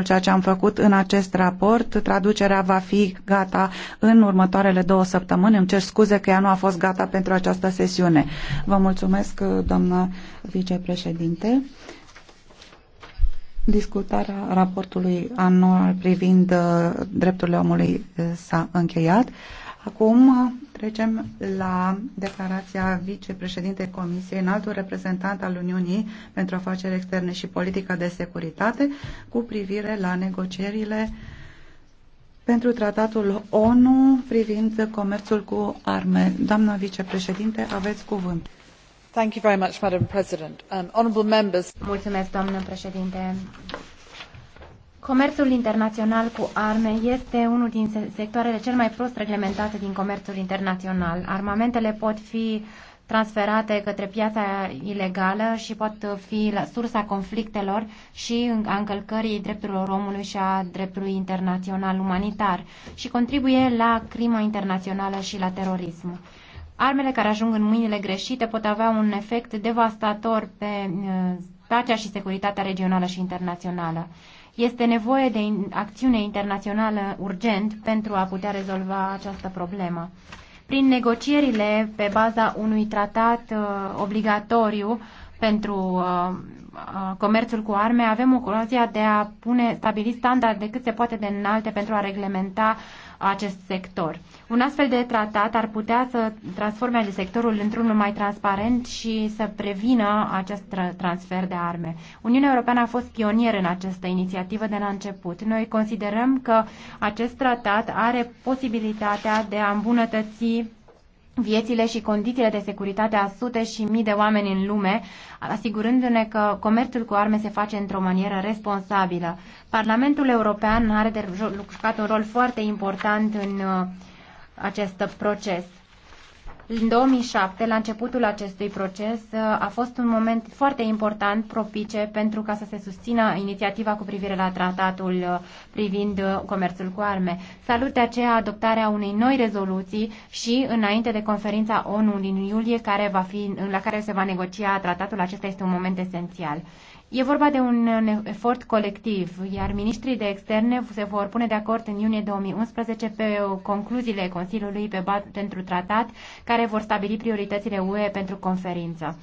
mult ceea ce am făcut în acest raport. Traducerea va fi gata în următoarele două săptămâni. Îmi cer scuze că ea nu a fost gata pentru această sesiune. Vă mulțumesc, doamnă vicepreședinte. Discutarea raportului anual privind uh, drepturile omului uh, s-a încheiat. Acum uh, trecem la declarația vicepreședintei Comisiei, înaltul reprezentant al Uniunii pentru afaceri externe și politică de securitate, cu privire la negocierile pentru tratatul ONU privind comerțul cu arme. Doamna vicepreședinte, aveți cuvânt. Thank you very much, Madam President. Um, honorable members. Mulțumesc, doamnă președinte. Comerțul internațional cu arme este unul din sectoarele cel mai prost reglementate din comerțul internațional. Armamentele pot fi transferate către piața ilegală și pot fi la sursa conflictelor și a încălcării drepturilor omului și a dreptului internațional umanitar și contribuie la crima internațională și la terorism. Armele care ajung în mâinile greșite pot avea un efect devastator pe eh, pacea și securitatea regională și internațională. Este nevoie de acțiune internațională urgent pentru a putea rezolva această problemă. Prin negocierile pe baza unui tratat uh, obligatoriu pentru uh, uh comerțul cu arme, avem ocazia de a pune, stabili standarde cât se poate de înalte pentru a reglementa acest sector. Un astfel de tratat ar putea să transforme acest sectorul într-unul mai transparent și să prevină acest transfer de arme. Uniunea Europeană a fost pionier în această inițiativă de la început. Noi considerăm că acest tratat are posibilitatea de a îmbunătăți viețile și condițiile de securitate a sute și mii de oameni în lume, asigurându-ne că comerțul cu arme se face într-o manieră responsabilă. Parlamentul European are de jucat un rol foarte important în uh, acest proces. În 2007, la începutul acestui proces, uh, a fost un moment foarte important, propice, pentru ca să se susțină inițiativa cu privire la tratatul uh, privind uh, comerțul cu arme. Salut de aceea adoptarea unei noi rezoluții și înainte de conferința ONU din iulie, care va fi, la care se va negocia tratatul, acesta este un moment esențial. E vorba de un efort colectiv, iar ministrii de externe se vor pune de acord în iunie 2011 pe concluziile Consiliului pe pentru tratat, care vor stabili prioritățile UE pentru conferință.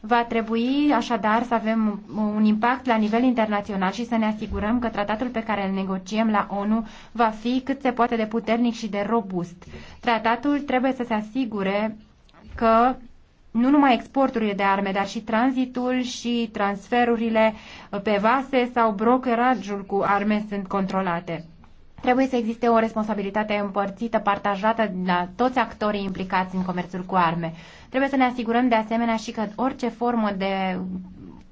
Va trebui așadar să avem un impact la nivel internațional și să ne asigurăm că tratatul pe care îl negociem la ONU va fi cât se poate de puternic și de robust. Tratatul trebuie să se asigure că nu numai exporturile de arme, dar și tranzitul și transferurile pe vase sau brokerajul cu arme sunt controlate. Trebuie să existe o responsabilitate împărțită, partajată la toți actorii implicați în comerțul cu arme. Trebuie să ne asigurăm de asemenea și că orice formă de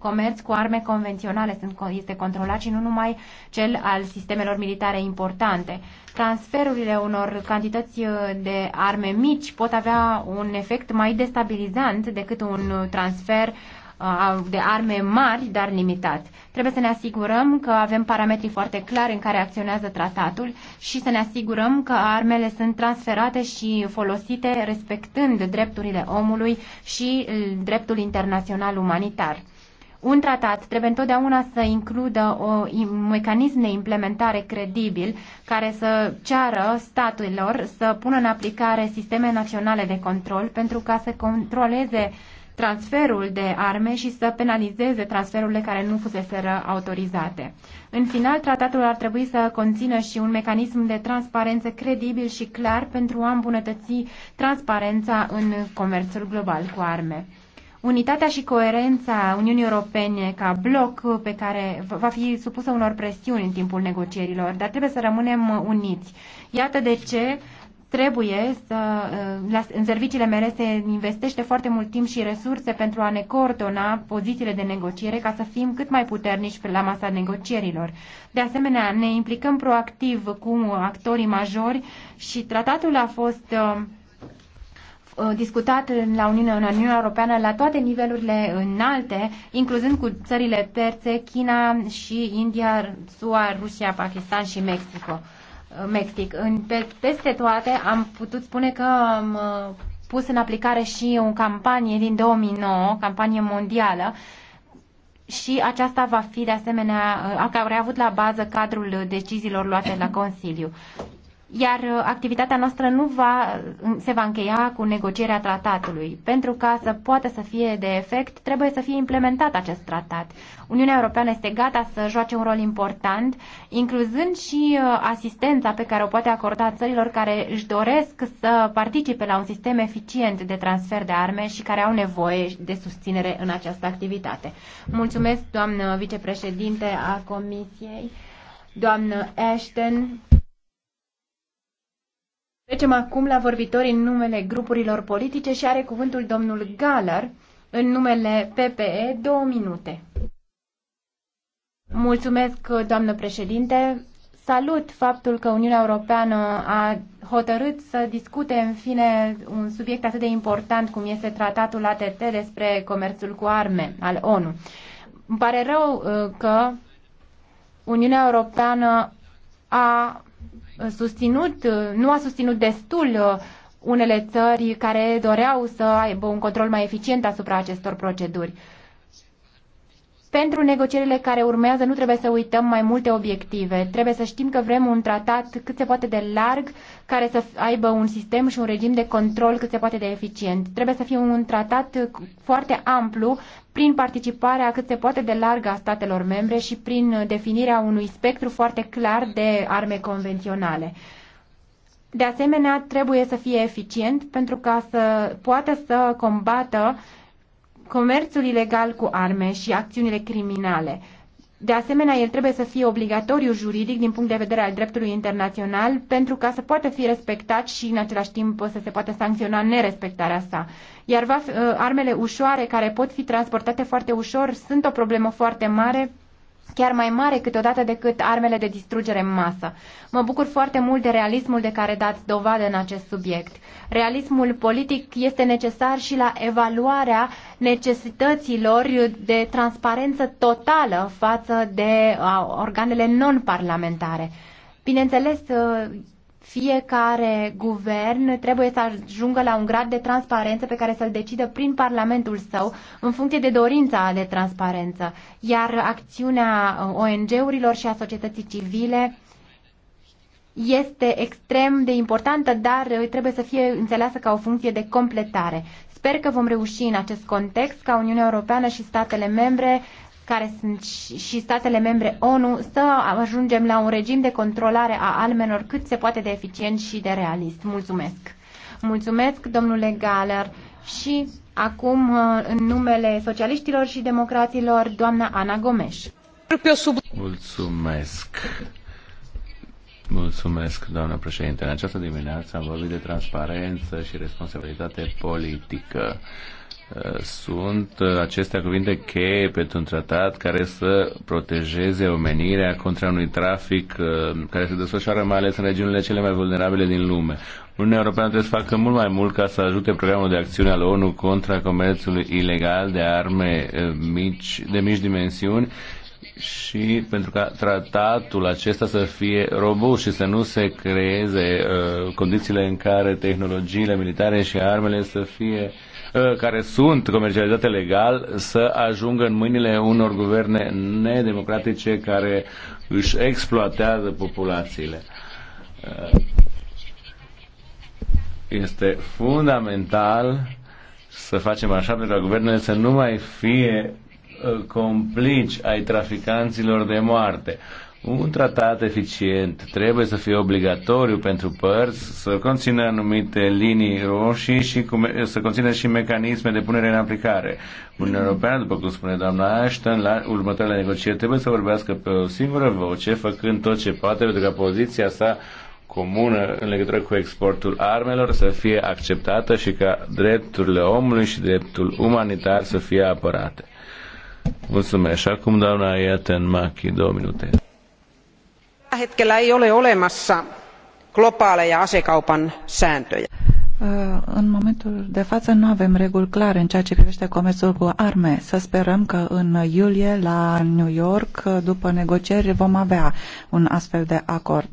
comerț cu arme convenționale este controlat și nu numai cel al sistemelor militare importante. Transferurile unor cantități uh, de arme mici pot avea un efect mai destabilizant decât un transfer uh, de arme mari, dar limitat. Trebuie să ne asigurăm că avem parametri foarte clari în care acționează tratatul și să ne asigurăm că armele sunt transferate și folosite respectând drepturile omului și uh, dreptul internațional umanitar. Un tratat trebuie întotdeauna să includă o, un mecanism de implementare credibil care să ceară statelor să pună în aplicare sisteme naționale de control pentru ca să controleze transferul de arme și să penalizeze transferurile care nu fuseseră autorizate. În final, tratatul ar trebui să conțină și un mecanism de transparență credibil și clar pentru a îmbunătăți transparența în comerțul global cu arme. Unitatea și coerența Uniunii Europene ca bloc pe care va fi supusă unor presiuni în timpul negocierilor, dar trebuie să rămânem uniți. Iată de ce trebuie să, uh, în serviciile mele se investește foarte mult timp și resurse pentru a ne coordona pozițiile de negociere ca să fim cât mai puternici la masa negocierilor. De asemenea, ne implicăm proactiv cu actorii majori și tratatul a fost uh, Uh, discutat la Uniunea, în Uniunea Europeană la toate nivelurile înalte, incluzând cu țările terțe, China și India, SUA, Rusia, Pakistan și Mexico. Uh, Mexic. În, pe, peste toate am putut spune că am uh, pus în aplicare și o campanie din 2009, campanie mondială, și aceasta va fi de asemenea, care a avut la bază cadrul deciziilor luate la Consiliu iar uh, activitatea noastră nu va, um, se va încheia cu negocierea tratatului. Pentru ca să poată să fie de efect, trebuie să fie implementat acest tratat. Uniunea Europeană este gata să joace un rol important, incluzând și uh, asistența pe care o poate acorda țărilor care își doresc să participe la un sistem eficient de transfer de arme și care au nevoie de susținere în această activitate. Mulțumesc, doamnă vicepreședinte a Comisiei, doamnă Ashton. Trecem acum la vorbitorii în numele grupurilor politice și are cuvântul domnul Galar în numele PPE, două minute. Mulțumesc, doamnă președinte. Salut faptul că Uniunea Europeană a hotărât să discute, în fine, un subiect atât de important cum este tratatul ATT despre comerțul cu arme al ONU. Îmi pare rău uh, că Uniunea Europeană a susținut, nu a susținut destul uh, unele țări care doreau să aibă un control mai eficient asupra acestor proceduri. Pentru negocierile care urmează nu trebuie să uităm mai multe obiective. Trebuie să știm că vrem un tratat cât se poate de larg, care să aibă un sistem și un regim de control cât se poate de eficient. Trebuie să fie un tratat foarte amplu, prin participarea cât se poate de largă a statelor membre și prin definirea unui spectru foarte clar de arme convenționale. De asemenea, trebuie să fie eficient pentru ca să poată să combată uh, comerțul ilegal cu arme și acțiunile criminale. De asemenea, el trebuie să fie obligatoriu juridic din punct de vedere al dreptului internațional pentru ca să poată fi respectat și în același timp să se poată sancționa nerespectarea sa. Iar uh, armele ușoare care pot fi transportate foarte ușor sunt o problemă foarte mare chiar mai mare câteodată decât armele de distrugere în masă. Mă bucur foarte mult de realismul de care dați dovadă în acest subiect. Realismul politic este necesar și la evaluarea necesităților de transparență totală față de uh, organele non-parlamentare. Bineînțeles, uh, fiecare guvern trebuie să ajungă la un grad de transparență pe care să-l decidă prin Parlamentul său, în funcție de dorința de transparență. Iar acțiunea uh, ONG-urilor și a societății civile este extrem de importantă, dar uh, trebuie să fie înțeleasă ca o funcție de completare. Sper că vom reuși în acest context ca Uniunea Europeană și statele membre care sunt și statele membre ONU, să ajungem la un regim de controlare a almenor cât se poate de eficient și de realist. Mulțumesc! Mulțumesc, domnule Galer, și acum, uh, în numele socialiștilor și democraților, doamna Ana Gomes. Mulțumesc! Mulțumesc, doamnă președinte. În această dimineață am vorbit de transparență și responsabilitate politică. Uh, sunt uh, acestea cuvinte cheie pentru un tratat care să protejeze omenirea contra unui trafic uh, care se desfășoară mai ales în regiunile cele mai vulnerabile din lume. Uniunea Europeană trebuie să facă mult mai mult ca să ajute programul de acțiune al ONU contra comerțului ilegal de arme mici, de mici dimensiuni și pentru ca tratatul acesta să fie robust și să nu se creeze uh, condițiile în care tehnologiile militare și armele să fie uh, Uh, care sunt comercializate legal să ajungă în mâinile unor guverne nedemocratice care își exploatează populațiile uh, este fundamental să facem așa pentru ca guvernele să nu mai fie uh, complici ai traficanților de moarte. Un tratat eficient trebuie să fie obligatoriu pentru părți, să conțină anumite linii roșii și să conțină și mecanisme de punere în aplicare. Uniunea Europeană, după cum spune doamna Ashton, la următoarele negocieri trebuie să vorbească pe o singură voce, făcând tot ce poate pentru ca poziția sa comună în legătură cu exportul armelor să fie acceptată și ca drepturile omului și dreptul umanitar să fie apărate. Mulțumesc. acum, doamna Iaten Machi, două minute tällä hetkellä ei ole olemassa globaaleja asekaupan sääntöjä. În momentul de față nu avem reguli clare în ceea ce privește comerțul cu arme. Să sperăm că în iulie la New York, după negocieri, vom avea un astfel de acord.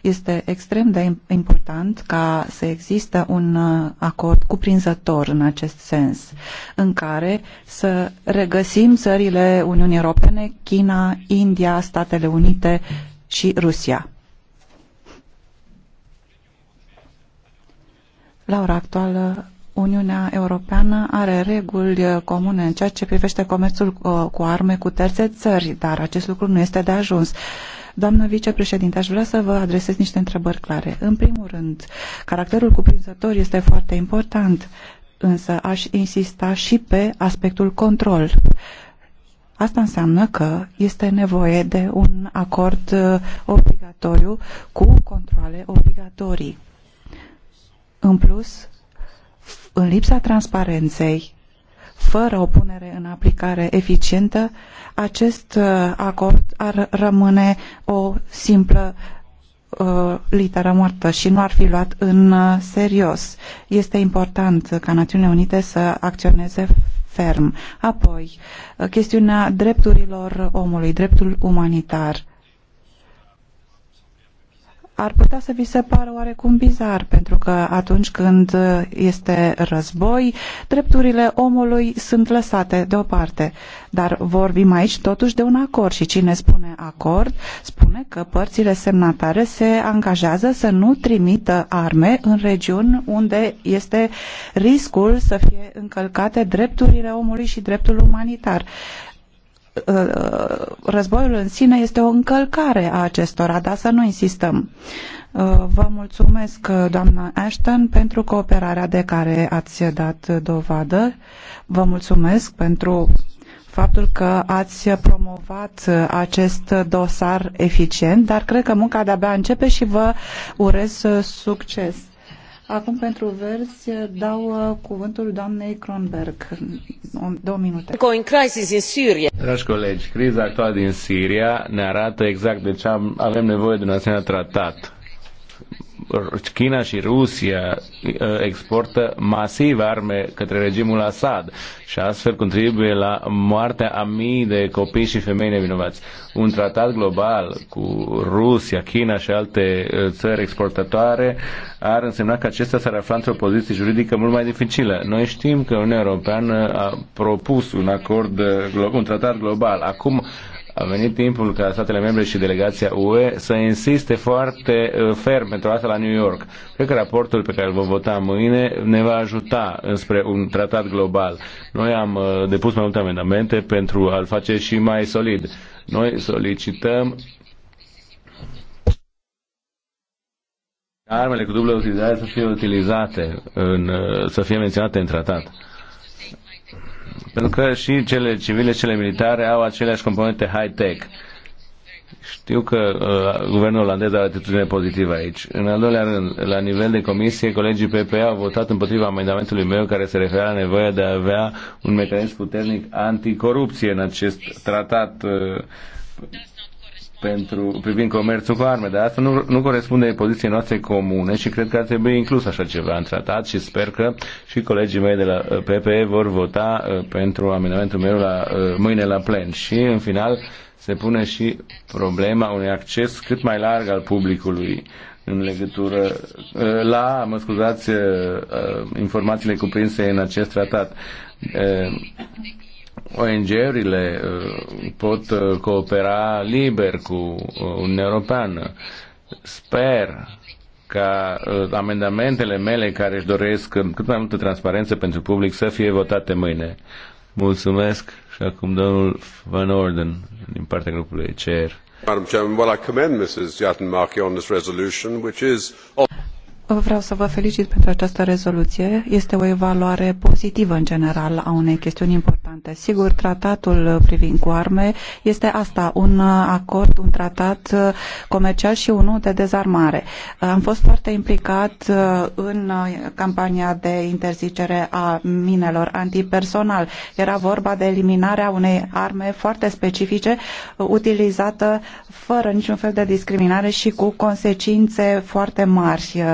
Este extrem de important ca să existe un uh, acord cuprinzător în acest sens, în care să regăsim țările Uniunii Europene, China, India, Statele Unite și Rusia. La ora actuală, Uniunea Europeană are reguli uh, comune în ceea ce privește comerțul uh, cu arme cu terțe țări, dar acest lucru nu este de ajuns. Doamnă vicepreședinte, aș vrea să vă adresez niște întrebări clare. În primul rând, caracterul cuprinzător este foarte important, însă aș insista și pe aspectul control. Asta înseamnă că este nevoie de un acord uh, obligatoriu cu controle obligatorii. În plus, în lipsa transparenței, fără o punere în aplicare eficientă, acest uh, acord ar rămâne o simplă Uh, litera literă moartă și nu ar fi luat în uh, serios. Este important ca Națiunile Unite să acționeze ferm. Apoi, uh, chestiunea drepturilor omului, dreptul umanitar ar putea să vi se pară oarecum bizar, pentru că atunci când este război, drepturile omului sunt lăsate deoparte. Dar vorbim aici totuși de un acord și cine spune acord, spune că părțile semnatare se angajează să nu trimită arme în regiuni unde este riscul să fie încălcate drepturile omului și dreptul umanitar. Uh, războiul în sine este o încălcare a acestora, dar să nu insistăm. Uh, vă mulțumesc, uh, doamna Ashton, pentru cooperarea de care ați dat dovadă. Vă mulțumesc pentru faptul că ați promovat acest dosar eficient, dar cred că munca de-abia începe și vă urez succes. Acum pentru verzi dau uh, cuvântul doamnei Kronberg. Două minute. Dragi colegi, criza actuală din Siria ne arată exact de ce avem nevoie de un asemenea tratat China și Rusia uh, exportă masiv arme către regimul Assad și astfel contribuie la moartea a mii de copii și femei nevinovați. Un tratat global cu Rusia, China și alte uh, țări exportatoare ar însemna că acesta s-ar afla într-o poziție juridică mult mai dificilă. Noi știm că Uniunea Europeană a propus un acord, uh, un tratat global. Acum a venit timpul ca statele membre și delegația UE să insiste foarte uh, ferm pentru asta la New York. Cred că raportul pe care îl vom vota mâine ne va ajuta înspre un tratat global. Noi am uh, depus mai multe amendamente pentru a-l face și mai solid. Noi solicităm armele cu dublă utilizare să fie utilizate, în, uh, să fie menționate în tratat pentru că și cele civile, cele militare au aceleași componente high-tech. Știu că uh, guvernul olandez are atitudine pozitivă aici. În al doilea rând, la nivel de comisie, colegii PPA au votat împotriva amendamentului meu care se referea la nevoia de a avea un mecanism puternic anticorupție în acest tratat uh, pentru, privind comerțul cu arme, dar asta nu, nu corespunde poziției noastre comune și cred că ar trebui inclus așa ceva în tratat și sper că și colegii mei de la uh, PPE vor vota uh, pentru amendamentul meu la, uh, mâine la plen. Și în final se pune și problema unui acces cât mai larg al publicului în legătură la, mă scuzați, informațiile cuprinse în acest tratat ONG-urile uh, pot uh, coopera liber cu uh, Uniunea Europeană. Sper ca amendamentele mele care își doresc cât mai multă transparență pentru public să fie votate mâine. Mulțumesc și acum domnul Van Orden din partea grupului CER. Madam Chairman, well, I commend Mrs. Yatinmaki on this resolution, which is... Vreau să vă felicit pentru această rezoluție. Este o evaluare pozitivă în general a unei chestiuni importante importante. Sigur, tratatul privind cu arme este asta, un acord, un tratat comercial și unul de dezarmare. Am fost foarte implicat uh, în uh, campania de interzicere a minelor antipersonal. Era vorba de eliminarea unei arme foarte specifice, uh, utilizată fără niciun fel de discriminare și cu consecințe foarte mari,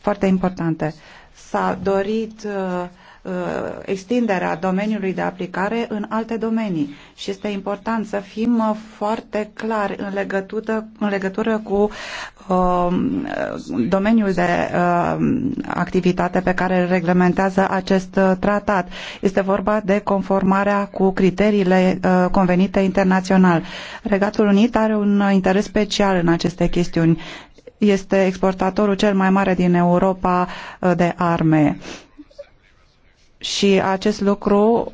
foarte importante. S-a dorit uh, Uh, extinderea domeniului de aplicare în alte domenii și este important să fim uh, foarte clari în legătură, în legătură cu uh, domeniul de uh, activitate pe care îl reglementează acest tratat. Este vorba de conformarea cu criteriile uh, convenite internațional. Regatul Unit are un interes special în aceste chestiuni. Este exportatorul cel mai mare din Europa de arme. Uh, și acest lucru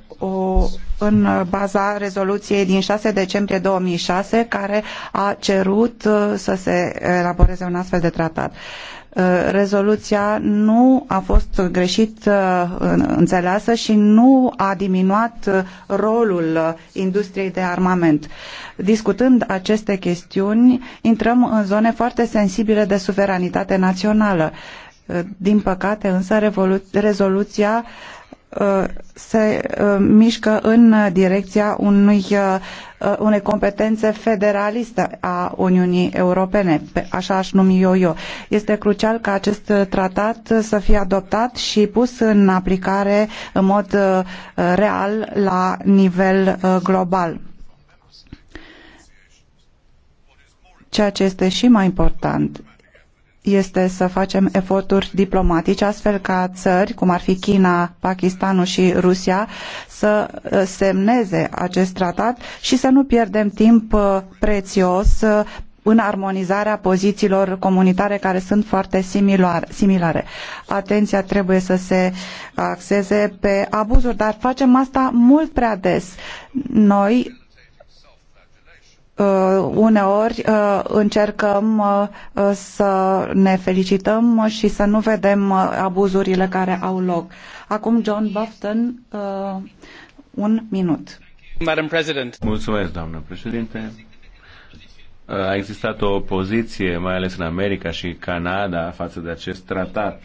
în baza rezoluției din 6 decembrie 2006 care a cerut uh, să se elaboreze un astfel de tratat. Uh, rezoluția nu a fost greșit uh, înțeleasă și nu a diminuat rolul industriei de armament. Discutând aceste chestiuni, intrăm în zone foarte sensibile de suveranitate națională. Din păcate, însă, rezoluția Uh, se uh, mișcă în direcția unui, uh, unei competențe federaliste a Uniunii Europene, așa aș numi eu eu. Este crucial ca acest tratat să fie adoptat și pus în aplicare în mod real la nivel global. Ceea ce este și mai important este să facem eforturi diplomatice, astfel ca țări, cum ar fi China, Pakistanul și Rusia, să uh, semneze acest tratat și să nu pierdem timp uh, prețios uh, în armonizarea pozițiilor comunitare care sunt foarte similare. Atenția trebuie să se axeze pe abuzuri, dar facem asta mult prea des. Noi Uh, uneori uh, încercăm uh, să ne felicităm și să nu vedem abuzurile care au loc. Acum John Bufton, un minut. Mulțumesc, doamnă președinte. A existat o opoziție, mai ales în America și Canada, față de acest tratat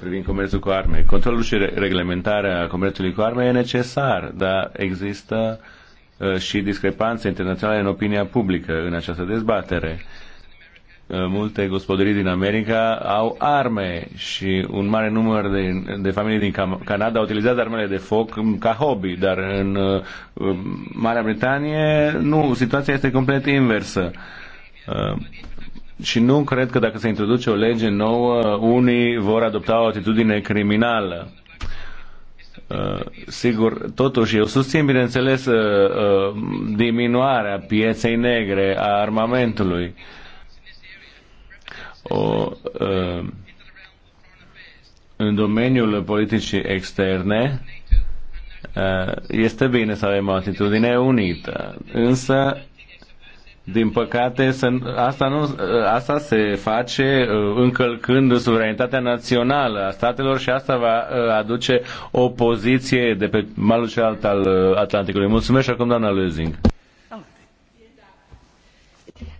privind comerțul cu arme. Controlul și reglementarea comerțului cu arme e necesar, dar există uh, Uh, și discrepanțe internaționale în opinia publică în această dezbatere. Uh, multe gospodării din America au arme și un mare număr de, de familii din Canada utilizează armele de foc ca hobby, dar în uh, Marea Britanie nu, situația este complet inversă. Și nu cred că dacă se introduce o lege nouă, unii vor adopta o atitudine criminală Uh, sigur, totuși eu susțin, bineînțeles, uh, uh, diminuarea pieței negre a armamentului. O, în domeniul politicii externe este bine să avem o atitudine unită, însă din păcate, să, asta, nu, asta se face uh, încălcând suveranitatea națională a statelor și asta va uh, aduce o poziție de pe malul celălalt al uh, Atlanticului. Mulțumesc și acum, doamna Lezing.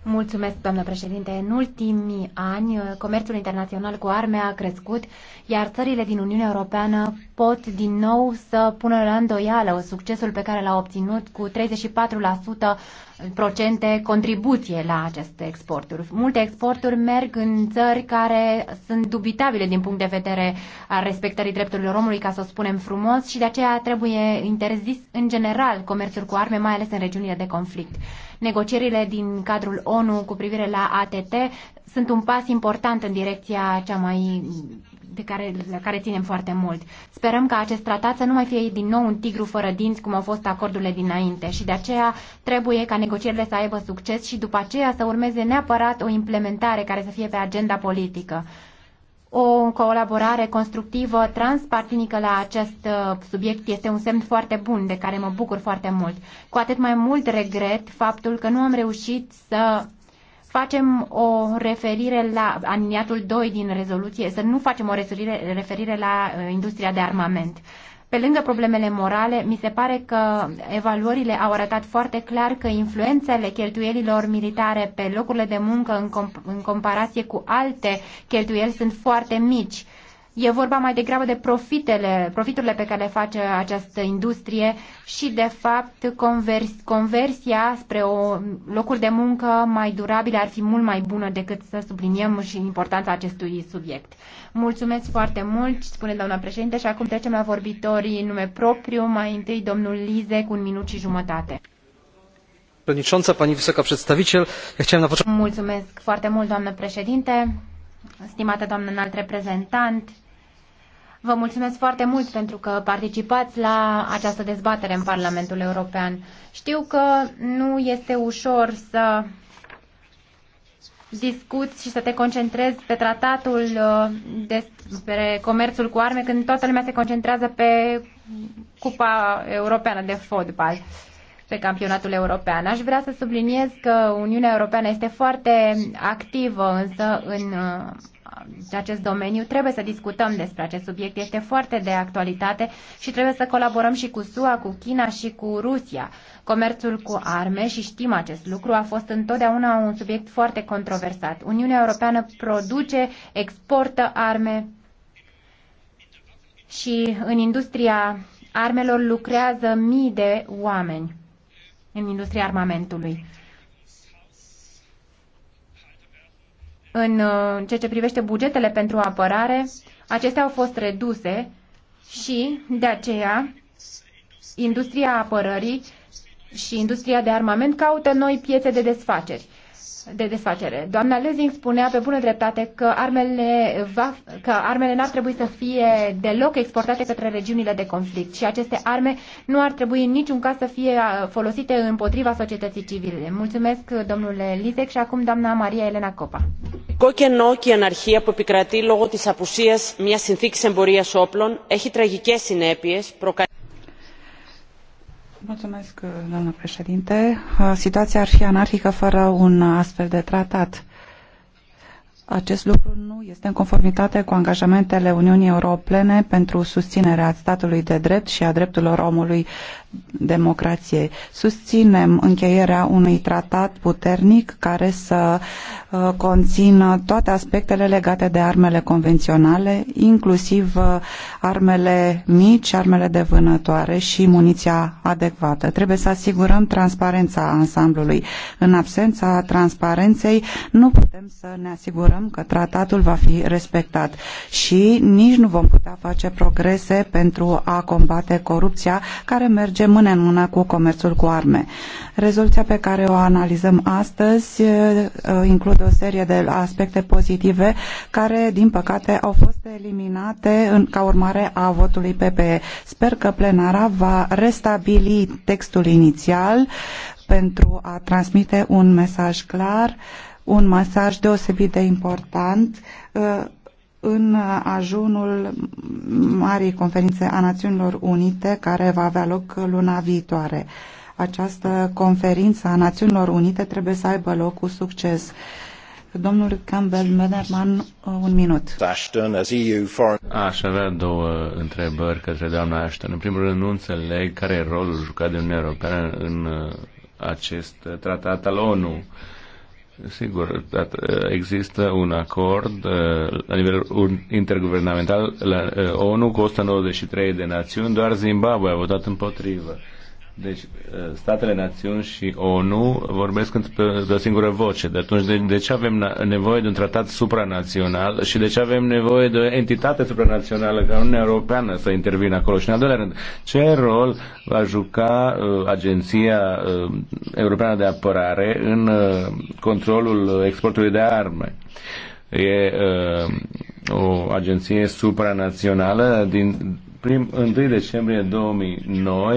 Mulțumesc, doamnă președinte. În ultimii ani, comerțul internațional cu arme a crescut, iar țările din Uniunea Europeană pot din nou să pună la îndoială succesul pe care l-a obținut cu 34% procente contribuție la aceste exporturi. Multe exporturi merg în țări care sunt dubitabile din punct de vedere a respectării drepturilor omului, ca să o spunem frumos, și de aceea trebuie interzis în general comerțul cu arme, mai ales în regiunile de conflict. Negocierile din cadrul ONU cu privire la ATT sunt un pas important în direcția cea mai pe care, la care ținem foarte mult. Sperăm ca acest tratat să nu mai fie din nou un tigru fără dinți, cum au fost acordurile dinainte și de aceea trebuie ca negocierile să aibă succes și după aceea să urmeze neapărat o implementare care să fie pe agenda politică o colaborare constructivă transpartinică la acest uh, subiect este un semn foarte bun, de care mă bucur foarte mult. Cu atât mai mult regret faptul că nu am reușit să facem o referire la aliniatul 2 din rezoluție, să nu facem o referire, referire la uh, industria de armament. Pe lângă problemele morale, mi se pare că evaluările au arătat foarte clar că influențele cheltuielilor militare pe locurile de muncă în, comp- în comparație cu alte cheltuieli sunt foarte mici. Uh, E vorba mai degrabă de profitele, profiturile pe care le face această industrie și, de fapt, convers, conversia spre o locuri de muncă mai durabile ar fi mult mai bună decât să subliniem și importanța acestui subiect. Mulțumesc foarte mult, spune doamna președinte, și acum trecem la vorbitorii în nume propriu. Mai întâi domnul Lize cu un minut și jumătate. Przewodnicząca, Pani Wysoka Mulțumesc foarte mult, doamnă președinte, stimată doamnă înalt reprezentant, Vă mulțumesc foarte mult pentru că participați la această dezbatere în Parlamentul European. Știu că nu este ușor să discuți și să te concentrezi pe tratatul uh, despre comerțul cu arme când toată lumea se concentrează pe Cupa Europeană de Fotbal, pe campionatul european. Aș vrea să subliniez că Uniunea Europeană este foarte activă însă în uh, de acest domeniu, trebuie să discutăm despre acest subiect. Este foarte de actualitate și trebuie să colaborăm și cu SUA, cu China și cu Rusia. Comerțul cu arme, și știm acest lucru, a fost întotdeauna un subiect foarte controversat. Uniunea Europeană produce, exportă arme și în industria armelor lucrează mii de oameni, în industria armamentului. Uh, în ceea ce privește bugetele pentru apărare, acestea au fost reduse și, de aceea, industria apărării și industria de armament caută noi piețe de desfaceri de desfacere. Doamna Lezing spunea pe bună dreptate că armele, va, că armele n-ar trebui să fie deloc exportate către regiunile de conflict și aceste arme nu ar trebui în niciun caz să fie uh, folosite împotriva societății civile. Mulțumesc, domnule Lizec, și acum doamna Maria Elena Copa. Κόκκινο και η αναρχία που επικρατεί λόγω της απουσίας μιας συνθήκης εμπορίας όπλων έχει τραγικές συνέπειες, προκαλεί Mulțumesc, doamnă președinte. Situația ar fi anarhică fără un astfel de tratat. Acest lucru nu este în conformitate cu angajamentele Uniunii Europene pentru susținerea statului de drept și a drepturilor omului democrației. Susținem încheierea unui tratat puternic care să uh, conțină toate aspectele legate de armele convenționale, inclusiv uh, armele mici, armele de vânătoare și muniția adecvată. Trebuie să asigurăm transparența ansamblului. În absența transparenței nu putem să ne asigurăm asigurăm că tratatul va fi respectat și nici nu vom putea face progrese pentru a combate corupția care merge mână în mână cu comerțul cu arme. Rezoluția pe care o analizăm astăzi eh, eh, include o serie de aspecte pozitive care, din păcate, au fost eliminate în, ca urmare a votului PPE. Sper că plenara va restabili textul inițial pentru a transmite un mesaj clar uh, un mesaj deosebit de important uh, în ajunul Marii Conferințe a Națiunilor Unite, care va avea loc luna viitoare. Această conferință a Națiunilor Unite trebuie să aibă loc cu succes. Domnul Campbell Mederman, uh, un minut. Aș avea două întrebări către doamna Ashton. În primul rând, nu înțeleg care e rolul jucat de Uniunea Europeană în uh, acest tratat al ONU. Sigur, eh, există un acord eh, la nivel interguvernamental la eh, ONU costă 93 de națiuni, doar Zimbabwe a votat împotrivă. Deci, uh, statele, națiuni și ONU vorbesc de o singură voce. De atunci, de, de ce avem nevoie de un tratat supranațional și de ce avem nevoie de o entitate supranațională ca Uniunea Europeană să intervină acolo? Și, în al doilea rând, ce rol va juca uh, Agenția uh, Europeană de Apărare în uh, controlul exportului de arme? E uh, o agenție supranațională din prim, 1 decembrie 2009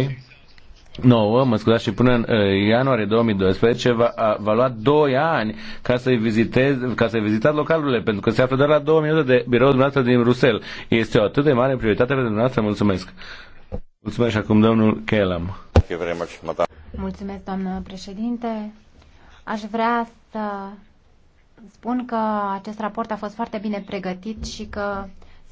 9, mă scuzați, și până în uh, ianuarie 2012 va, a, va lua 2 ani ca să-i vizitez, ca să-i vizitat localurile, pentru că se află doar la 2 minute de biroul dumneavoastră din Rusel. Este o atât de mare prioritate pentru dumneavoastră, mulțumesc. Mulțumesc și acum domnul Kelam. Mulțumesc, doamnă președinte. Aș vrea să spun că acest raport a fost foarte bine pregătit și că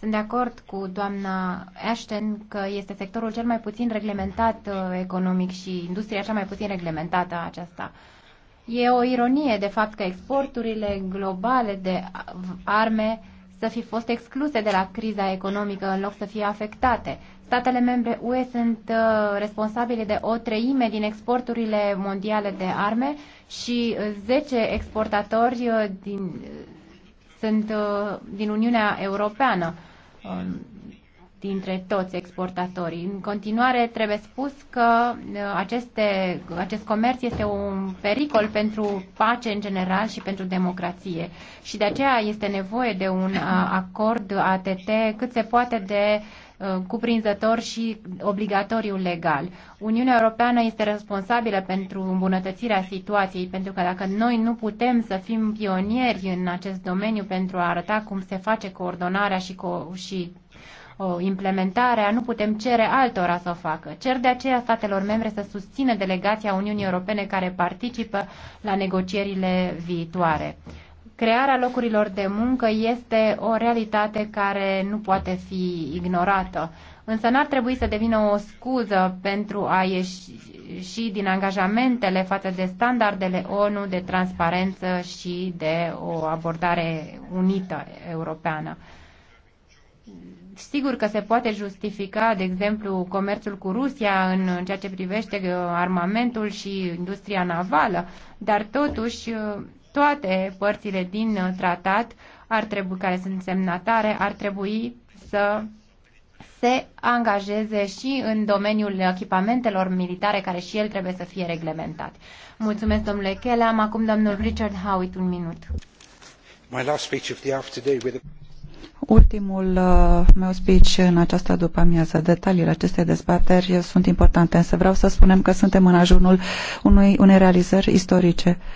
sunt de acord cu doamna Ashton că este sectorul cel mai puțin reglementat uh, economic și industria cea mai puțin reglementată aceasta. E o ironie de fapt că exporturile globale de arme să fi fost excluse de la criza economică în loc să fie afectate. Statele membre UE sunt uh, responsabile de o treime din exporturile mondiale de arme și 10 uh, exportatori din, sunt din Uniunea Europeană dintre toți exportatorii. În continuare, trebuie spus că uh, aceste, acest comerț este un pericol pentru pace în general și pentru democrație. Și de aceea este nevoie de un uh, acord ATT cât se poate de uh, Uh, cuprinzător și obligatoriu legal. Uniunea Europeană este responsabilă pentru îmbunătățirea situației, pentru că dacă noi nu putem să fim pionieri în acest domeniu pentru a arăta cum se face coordonarea și, co- și o implementarea, nu putem cere altora să o facă. Cer de aceea statelor membre să susțină delegația Uniunii Europene care participă la negocierile viitoare. Crearea locurilor de muncă este o realitate care nu poate fi ignorată. Însă n-ar trebui să devină o scuză pentru a ieși și din angajamentele față de standardele ONU de transparență și de o abordare unită europeană. Sigur că se poate justifica, de exemplu, comerțul cu Rusia în ceea ce privește uh, armamentul și industria navală, dar totuși uh, toate părțile din uh, tratat ar trebui, care sunt semnatare ar trebui să se angajeze și în domeniul echipamentelor militare, care și el trebuie să fie reglementat. Mulțumesc, domnule Chelam. Acum, domnul Richard Howitt, un minut. My last speech of the afternoon with Ultimul uh, meu speech în această după amiază. Detaliile acestei dezbateri sunt importante, însă vreau să spunem că suntem în ajunul unui, unei realizări istorice. Uh,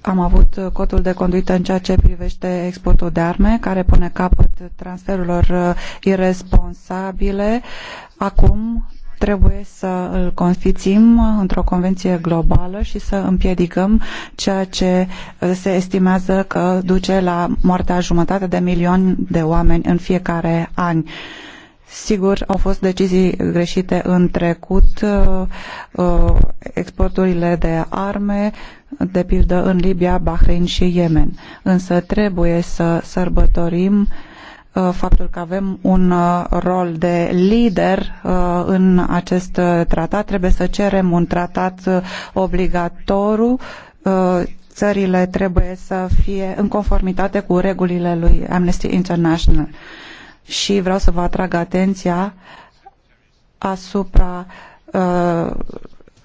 am avut uh, codul de conduită în ceea ce privește exportul de arme, care pune capăt transferurilor uh, irresponsabile. Acum trebuie să îl confițim uh, într-o convenție globală și să împiedicăm ceea ce se estimează că duce la moartea jumătate de milion de oameni în fiecare an. Sigur, au fost decizii greșite în trecut, uh, uh, exporturile de arme, de pildă în Libia, Bahrain și Yemen. Însă trebuie să sărbătorim uh, faptul că avem un rol de lider în acest tratat. Trebuie să cerem un tratat obligatoriu țările trebuie să fie în conformitate cu regulile lui Amnesty International și vreau să vă atrag atenția asupra uh,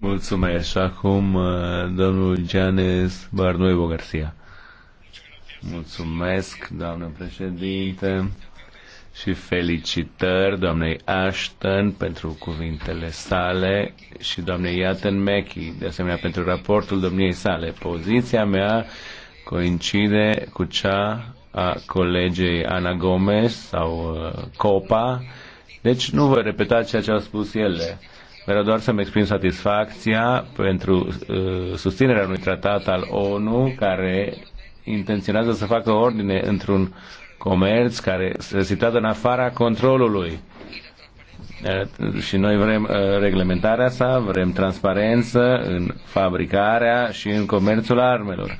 Mulțumesc. acum uh, domnul Gianes Barnuevo Garcia. Mulțumesc, doamnă președinte, și felicitări doamnei Ashton pentru cuvintele sale și doamnei Mechi, de asemenea pentru raportul domniei sale. Poziția mea coincide cu cea a colegei Ana Gomez sau uh, Copa, deci nu voi repeta ceea ce au spus ele. Vreau doar să-mi exprim satisfacția pentru uh, susținerea unui tratat al ONU care intenționează să facă ordine într-un comerț care se situează în afara controlului. Uh, și noi vrem uh, reglementarea sa, vrem transparență în fabricarea și în comerțul armelor.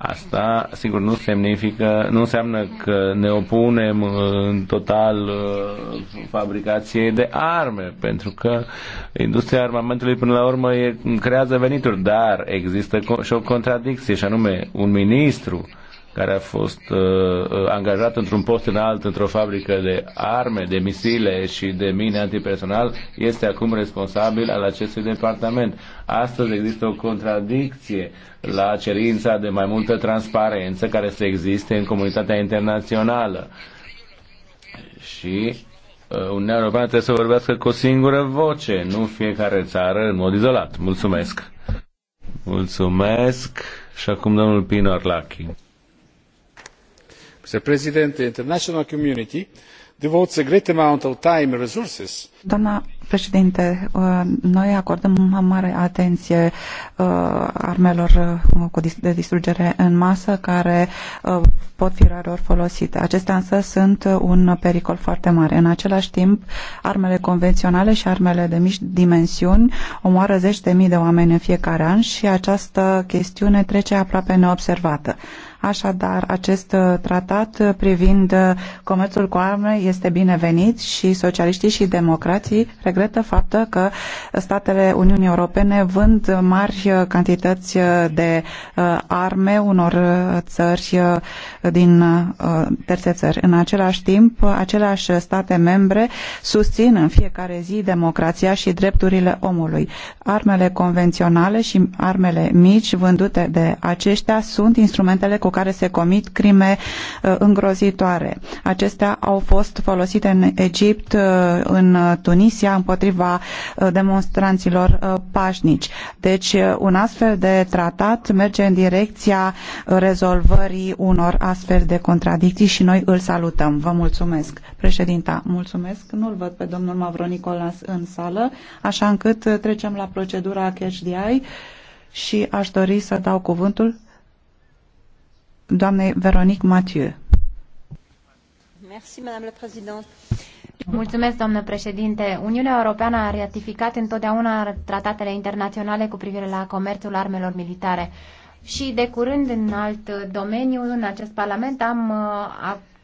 Asta, sigur, nu semnifică, nu înseamnă că ne opunem uh, în total uh, fabricației de arme, pentru că industria armamentului până la urmă e, creează venituri, dar există și o contradicție, și anume un ministru care a fost uh, uh, angajat într-un post înalt, într-o fabrică de arme, de misile și de mine antipersonal, este acum responsabil al acestui departament. Astăzi există o contradicție la cerința de mai multă transparență care să existe în comunitatea internațională. Și uh, Uniunea Europeană trebuie să vorbească cu o singură voce, nu fiecare țară în mod izolat. Mulțumesc! Mulțumesc și acum domnul Pino Arlachi mr president the international community devotes a great amount of time and resources Doamna președinte, uh, noi acordăm mare atenție uh, armelor uh, de distrugere în masă care pot fi rarori folosite. Acestea însă sunt un pericol foarte mare. În același timp, armele convenționale și armele de mici dimensiuni omoară zeci de mii de oameni în fiecare an și această chestiune trece aproape neobservată. Așadar, acest uh, tratat uh, privind uh, comerțul cu arme este binevenit și socialiștii și democrații regretă faptul că statele Uniunii Europene vând mari cantități de arme unor țări din terțe țări. În același timp, aceleași state membre susțin în fiecare zi democrația și drepturile omului. Armele convenționale și armele mici vândute de aceștia sunt instrumentele cu cu care se comit crime uh, îngrozitoare. Acestea au fost folosite în Egipt, uh, în Tunisia, împotriva uh, demonstranților pașnici. Deci un astfel de tratat merge în direcția rezolvării unor astfel de contradicții și noi îl salutăm. Vă mulțumesc. Președinta, mulțumesc. Nu-l văd pe domnul Mavronicolas în sală, așa încât trecem la procedura catch și aș dori să dau cuvântul doamnei Veronique Mathieu. Mulțumesc, domnule președinte. Uniunea Europeană a ratificat întotdeauna tratatele internaționale cu privire la comerțul armelor militare. Și de curând, în alt domeniu, în acest Parlament, am,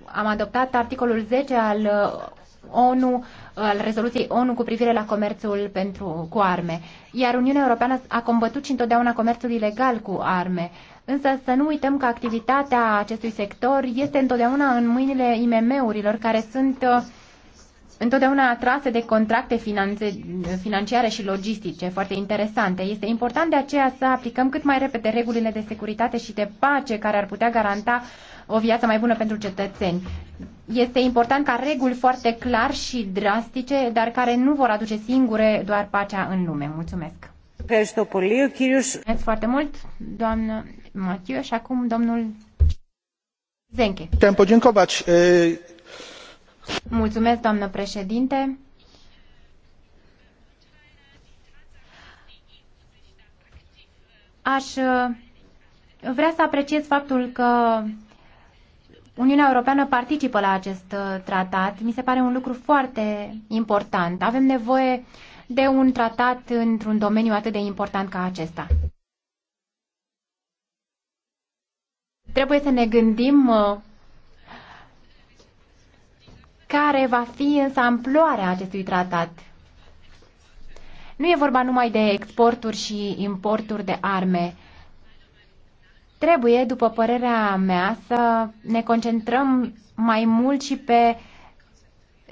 am adoptat articolul 10 al uh, ONU, al rezoluției ONU cu privire la comerțul pentru, cu arme. Iar Uniunea Europeană a combătut și întotdeauna comerțul ilegal cu arme. Însă să nu uităm că activitatea acestui sector este întotdeauna în mâinile IMM-urilor care sunt uh, întotdeauna atrase de contracte finanțe, financiare și logistice foarte interesante. Este important de aceea să aplicăm cât mai repede regulile de securitate și de pace care ar putea garanta o viață mai bună pentru cetățeni. Este important ca reguli foarte clar și drastice, dar care nu vor aduce singure doar pacea în lume. Mulțumesc! Mulțumesc foarte mult, doamnă Mathieu și acum domnul Zenche. Mulțumesc, doamnă președinte. Aș vrea să apreciez faptul că Uniunea Europeană participă la acest tratat. Mi se pare un lucru foarte important. Avem nevoie de un tratat într-un domeniu atât de important ca acesta. Trebuie să ne gândim uh, care va fi însă amploarea acestui tratat. Nu e vorba numai de exporturi și importuri de arme. Trebuie, după părerea mea, să ne concentrăm mai mult și pe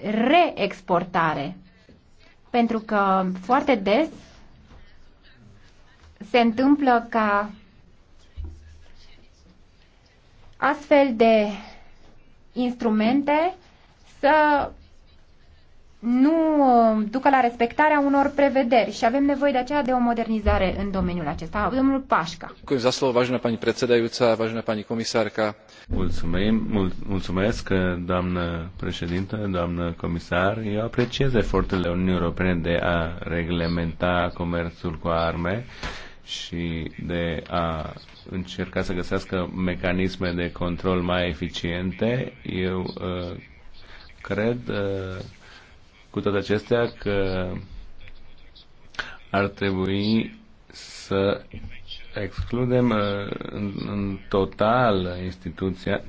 reexportare. Pentru că foarte des se întâmplă ca astfel de instrumente să nu uh, ducă la respectarea unor prevederi și avem nevoie de aceea de o modernizare în domeniul acesta. Domnul Pașca. Za slovo, vážená pani predsedajúca, vážená pani komisárka. Mulțumim, mul- mulțumesc, doamnă președintă, doamnă comisar. Eu apreciez eforturile Uniunii Europene de a reglementa comerțul cu arme și de a încerca să găsească mecanisme de control mai eficiente, eu uh, cred uh, cu toate acestea că ar trebui să excludem uh, în, în total instituția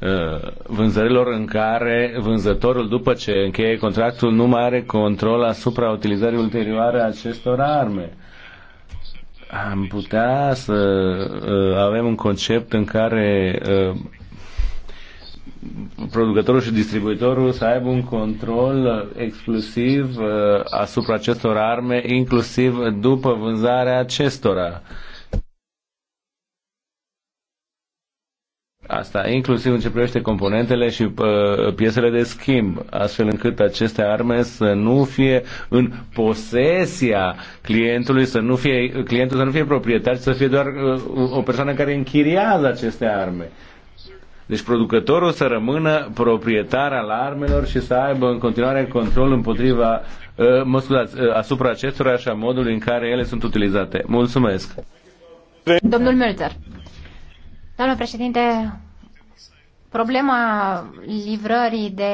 Uh, vânzărilor în care vânzătorul, după ce încheie contractul, nu mai are control asupra utilizării ulterioare a acestor arme. Am putea să uh, avem un concept în care uh, producătorul și distribuitorul să aibă un control exclusiv asupra acestor arme, inclusiv după vânzarea acestora. Uh, Asta inclusiv în ce privește componentele și uh, piesele de schimb, astfel încât aceste arme să nu fie în posesia clientului, să nu fie, clientul să nu fie proprietar, să fie doar uh, o persoană care închiriază aceste arme. Deci producătorul să rămână proprietar al armelor și să aibă în continuare control împotriva, uh, mă scuzați, uh, asupra acestora și a modului în care ele sunt utilizate. Mulțumesc! Domnul Melzer. Doamnă președinte, problema livrării de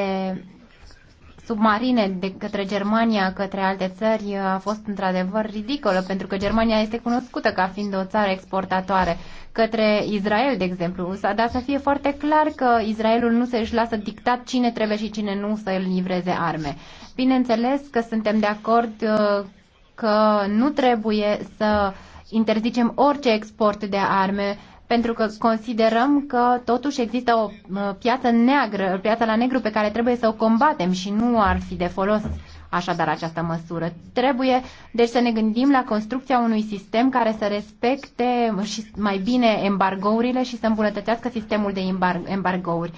submarine de către Germania către alte țări a fost într-adevăr ridicolă, pentru că Germania este cunoscută ca fiind o țară exportatoare către Israel, de exemplu. Dar să fie foarte clar că Israelul nu se își lasă dictat cine trebuie și cine nu să îl livreze arme. Bineînțeles că suntem de acord uh, că nu trebuie să interzicem orice export de arme pentru că considerăm că totuși există o uh, piață neagră, piața la negru pe care trebuie să o combatem și nu ar fi de folos așadar această măsură. Trebuie deci să ne gândim la construcția unui sistem care să respecte și mai bine embargourile și să îmbunătățească sistemul de embargouri.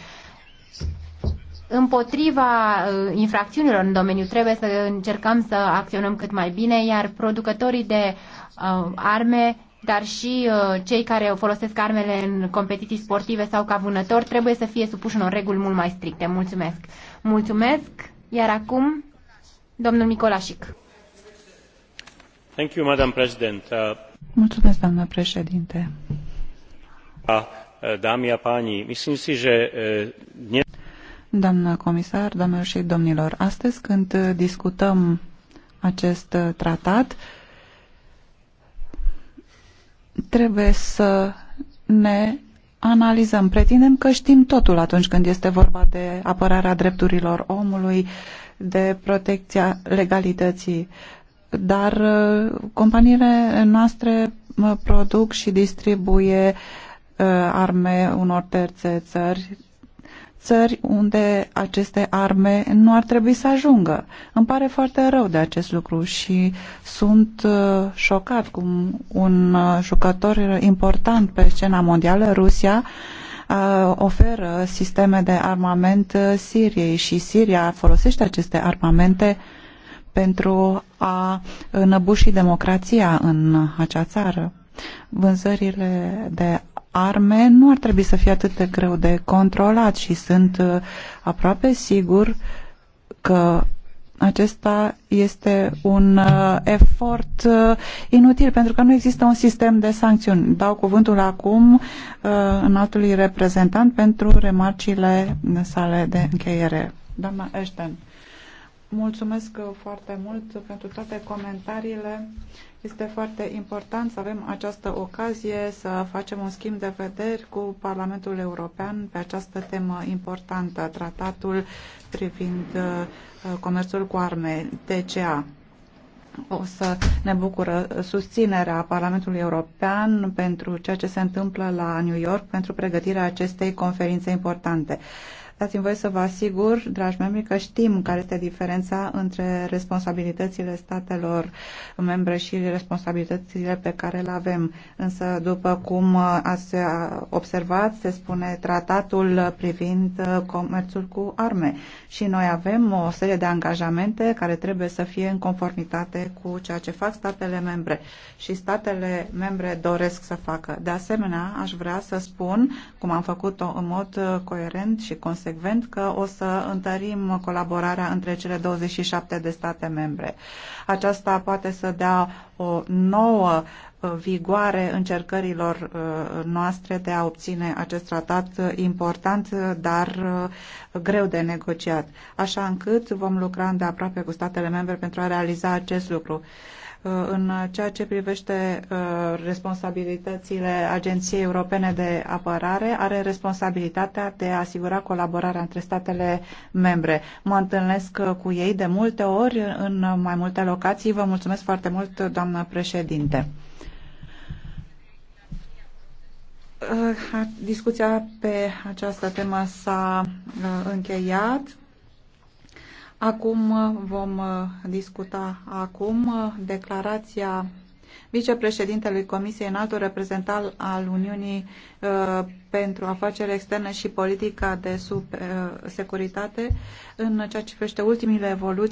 Împotriva uh, infracțiunilor în domeniu trebuie să încercăm să acționăm cât mai bine, iar producătorii de uh, arme dar și uh, cei care folosesc armele în competiții sportive sau ca vânători trebuie să fie supuși unor reguli mult mai stricte. Mulțumesc! Mulțumesc! Iar acum, domnul Nicolașic. Thank you, Madam President. Uh, Mulțumesc, doamnă președinte. Uh, Dámy a páni, Mi si, že dnes... Doamnă comisar, doamnelor și domnilor, astăzi când discutăm acest tratat, trebuie să ne analizăm. Pretindem că știm totul atunci când este vorba de apărarea drepturilor omului, de protecția legalității, dar uh, companiile noastre uh, produc și distribuie uh, arme unor terțe țări țări unde aceste arme nu ar trebui să ajungă. Îmi pare foarte rău de acest lucru și sunt uh, șocat cum un uh, jucător important pe scena mondială, Rusia, uh, oferă sisteme de armament Siriei și Siria folosește aceste armamente pentru a înăbuși democrația în acea țară. Vânzările de arme nu ar trebui să fie atât de greu de controlat și sunt uh, aproape sigur că acesta este un uh, efort uh, inutil pentru că nu există un sistem de sancțiuni. Dau cuvântul acum uh, înaltului reprezentant pentru remarcile sale de încheiere. Doamna Ashton, mulțumesc uh, foarte mult pentru toate comentariile este foarte important să avem această ocazie să facem un schimb de vederi cu Parlamentul European pe această temă importantă, tratatul privind uh, comerțul cu arme, TCA. O să ne bucură susținerea Parlamentului European pentru ceea ce se întâmplă la New York pentru pregătirea acestei conferințe importante. Dați-mi voie să vă asigur, dragi membri, că știm care este diferența între responsabilitățile statelor membre și responsabilitățile pe care le avem. Însă, după cum ați observat, se spune tratatul privind comerțul cu arme și noi avem o serie de angajamente care trebuie să fie în conformitate cu ceea ce fac statele membre și statele membre doresc să facă. De asemenea, aș vrea să spun, cum am făcut-o în mod coerent și consecvent, consecvent că o să întărim colaborarea între cele 27 de state membre. Aceasta poate să dea o nouă uh, vigoare încercărilor uh, noastre de a obține acest tratat important, uh, dar greu de negociat, așa încât vom lucra îndeaproape cu statele membre pentru a realiza acest lucru. Uh, în ceea ce privește uh, responsabilitățile Agenției Europene de Apărare, are responsabilitatea de a asigura colaborarea între statele membre. Mă întâlnesc uh, cu ei de multe ori în mai multe locații. Vă mulțumesc foarte mult, doamnă președinte. Discuția pe această temă s-a încheiat. Acum uh, vom uh, discuta acum uh, declarația vicepreședintelui Comisiei NATO, reprezentant al Uniunii pentru afaceri externe și politica de securitate, în ceea ce privește ultimile evoluții.